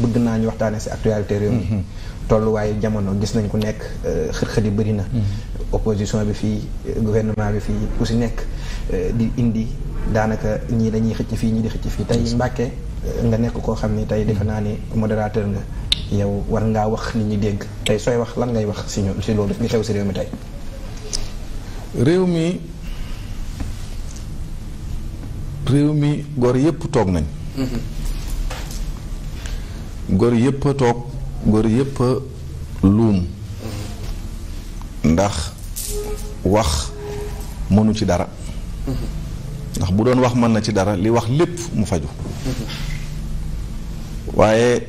bëgg naa ñu waxtaanee si actualité réew mi mm-hmm. tolluwaayu jamono gis nañ ku nekk euh, xët-xët yi bëri na mm-hmm. opposition bi fii gouvernement bi fii ku si nekk euh, di indi daanaka ñii dañuy xëcc fii ñii di xëcc fii tey Mbàkke euh, nga nekk koo xam ni tey defe mm-hmm. naa ni modérateur nga yow war ngaa wax ni ñi dégg tey sooy wax lan ngay wax si ñoom si loolu li xew si réew mi tey réew mi réew mi gor yépp toog nañ góor yëpp toog góor yëpp a luum ndax wax mënu ci dara ndax bu doon wax mën na ci dara li wax lépp mu faju waaye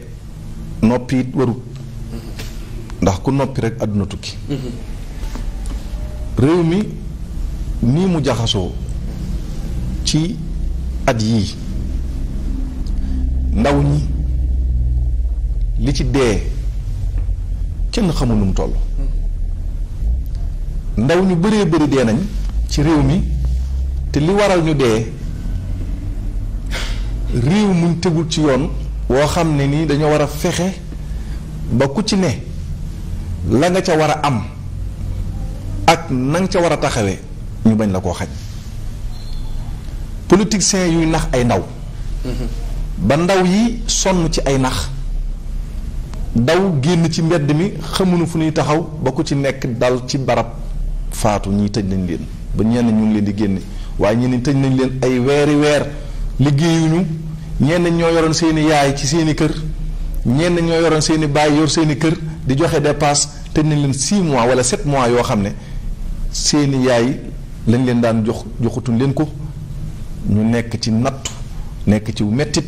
noppi it warut ndax ku noppi rek àdduna tukki réew mi nii mu jaxasoo ci at yii ndaw ñi li ci dee kenn xamul nu mu ndaw ñu bëree bëri dee nañ ci réew mi te li waral ñu dee réew muñ tegul ci yoon. woo xam ne nii dañoo war a fexe ba ku ci ne la nga ca war a am ak na ca war a taxawee ñu bañ la koo xaj politiciens yuy nax ay ndaw. Mm-hmm. ba ndaw yi sonn ci ay nax. daw génn ci mbedd mi xamuñu fu ñuy taxaw ba ku ci nekk dal ci barab faatu ñii tëj nañ leen ba ñenn ñu ngi leen di génne waaye ñenn tëj nañ leen ay weeri weer liggéeyuñu ñenn ñoo yoroon seeni yaay ci seeni kër ñenn ñoo yoroon seeni baay yor seeni kër di joxe dépasse tëj nañ leen 6 mois wala 7 mois yoo xam ne seeni yaay lañ leen daan jox joxutuñ leen ko ñu nekk ci nattu nekk ci mettit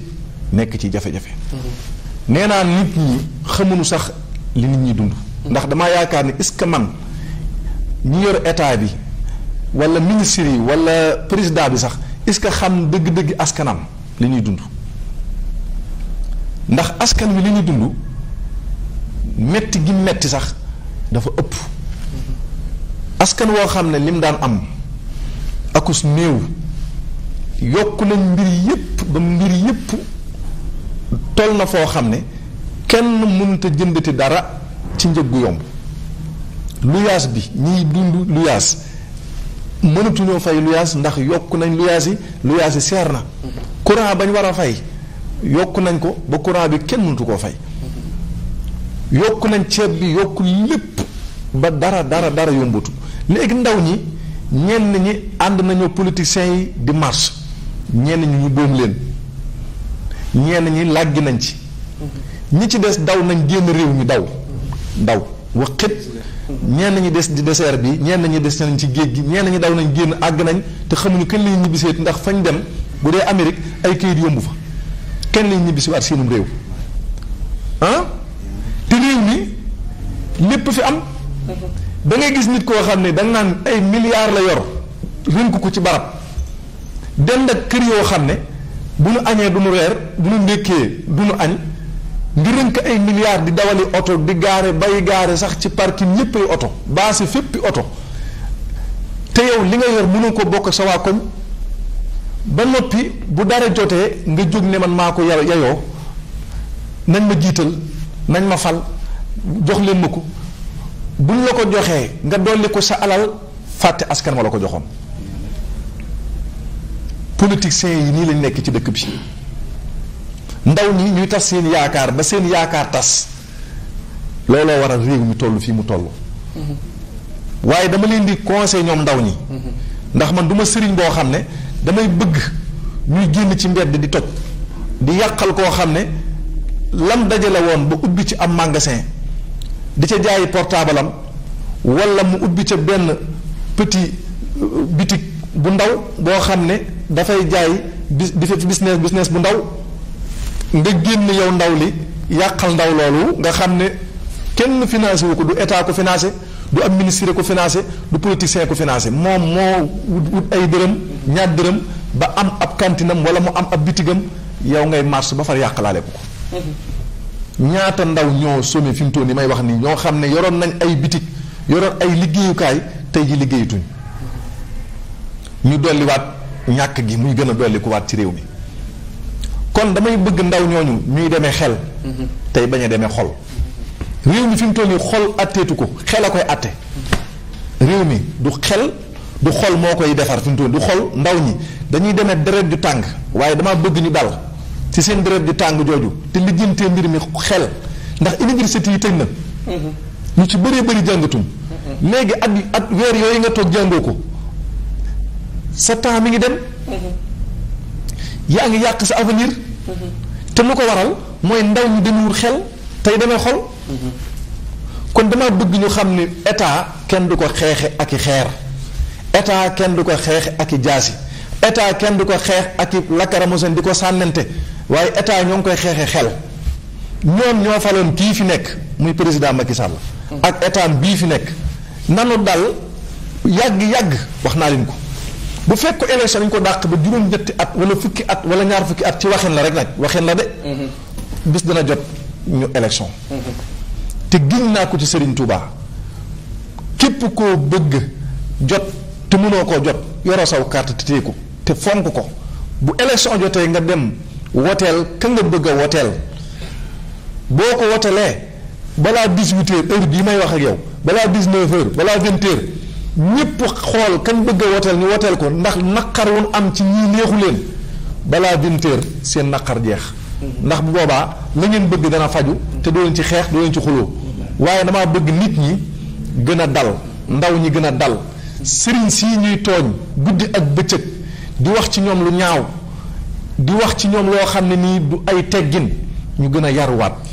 nekk ci jafe-jafe. Mm-hmm. nee naa nit ñi xamuñu sax li nit ñi dund. ndax damaa yaakaar ni est-ce que man ñi yor état bi walla ministre yi walla président bi sax est-ce que xam dëgg-dëgg askanam li ñuy dund. ndax askan wi li ñuy dund metti gi metti sax dafa ëpp askan woo xam ne lim daan am akus néew yokk nañ mbir yépp ba mbir yépp. toll na foo xam ne kenn mënut a jëndati dara ci njëg gu yomb luyaas bi ñiy dund luyaas mënatuñoo fay luyaas ndax yokk nañ luyaas yi luyaas yi seer na courant bañ war a fay yokk nañ ko ba courant bi kenn mënatu koo fay yokk nañ ceeb bi yokk lépp ba dara dara dara yombatu léegi ndaw ñi ñenn ñi ànd nañoo politiciens yi di marche ñenn ñi ñu boom leen ñenn ñi làggi nañ ci ñi ci des daw nañ génn réew mi daw daw waxit ñenn ñi des di désert bi ñenn ñi des nañ ci géej gi ñenn ñi daw nañ génn àgg nañ te xamuñu kenn lañ ñibbiseet ndax fañ dem bu dee Amérique ay kayit yombu fa kenn lañ ñibbisi waat seenum réew ah te réew mi lépp fi am da ngay gis nit koo xam ne danga naan ay milliards la yor rënk ko ci barab dend ak kër yoo xam ne bu ñu añee du ñu reer bu ñu ndékkee du ñu añ di rënk ay milliards di dawali oto di gaare bay gaare sax ci parking ñépp ay oto baasi féppi oto te yow li nga yor mënu ko bokk sa waa koñ ba noppi bu dara jotee nga jóg ne man maa ko yayoo nañ ma jiital nañ ma fal jox leen ma ko buñ la ko joxee nga dolli ko sa alal fàtte askan la ko joxoon politiciens yi nii lañ nekk ci dëkk bi ndaw ñi ñuy tas seen yaakaar ba seen yaakaar tas looloo waral réew mi toll fii mu toll. waaye dama leen di conseil ñoom ndaw ñi. ndax man du sëriñ boo xam ne damay bëgg ñuy génn ci mbedd di toj di yàqal koo xam ne lam dajale woon ba ubbi ci am magasin di ca jaayi portable am wala mu ubbi ca benn petit euh, bitik bu ndaw boo xam ne. dafay jaay bis di fi business business bu ndaw nga génn yow ndaw li yàqal ndaw loolu nga xam ne kenn financé wu ko du état ko financé du ab ko financé du politicien ko financé moom moo wut ay dërëm ñaar dërëm ba am ab kantinam wala mu am ab bitigam yow ngay marché ba far yàqalaale ko ko mm-hmm. ñaata ndaw ñoo somme fi mu toll ni may wax nii ñoo xam ne yoroon nañ ay bitig yoroon ay liggéeyukaay tey ji liggéeyatuñ mm-hmm. ñu dolliwaat ñàkk gi muy gën a dolli ku waat ci réew mi kon damay bëgg ndaw ñooñu ñuy demee xel tey bañ a demee xol réew mi fi mu toll nii xol atteetu ko xel a koy atte réew mi du xel du xol moo koy defar fi toll du xol ndaw ñi dañuy demee deret ju tàng waaye dama bëgg ñu dal ci seen deret ju tàng jooju te lijjantee mbir mi xel ndax université yi tëj na mm-hmm. ñu ci bëree bëri jàngatum mm-hmm. léegi at at weer yooyu nga toog jàngoo ko sa temps mi ngi dem. yaa ngi yàq sa avenir. te lu ko waral mooy ndaw ñu demewul xel tey damay xol. kon dama bëgg ñu xam ni état kenn du ko xeexe ak i xeer état kenn du ko xeexe ak i jaasi état kenn du ko xeex ak i lakaramosen di ko sànnante waaye état ñoo ngi koy xeexe xel ñoom ñoo faloon kii fi nekk muy président Macky Sall. ak état bii fi nekk nanu dal yàgg yàgg wax naa leen ko. bu fekk ko élection dañ ko dàq ba juróom-ñetti at wala fukki at wala ñaar fukki at ci waxeen la rek nag waxeen la de. Mm-hmm. bis dana jot ñu élection. Mm-hmm. te giñ naa ko ci Serigne Touba képp ko bëgg jot te mënoo koo jot yoroo saw carte te ko te fonk ko bu élection jotee nga dem woteel ka nga bëgg a woteel boo ko wotelee balaa dix-huit heure bii may wax ak yow balaa bis neuf balaa vingt ñëpp xool kañ bëgg a woteel ñu woteel ko ndax naqar wun am ci ñii neexu leen balaa vingt seen naqar jeex ndax boobaa la ngeen bëgg dana faju te doo leen ci xeex doo leen ci xuloo waaye damaa bëgg nit ñi gën a dal ndaw ñi gën a dal sëriñ sii ñuy tooñ guddi ak bëccëg di wax ci ñoom lu ñaaw di wax ci ñoom loo xam ne nii du ay teggin ñu gën a yaruwaat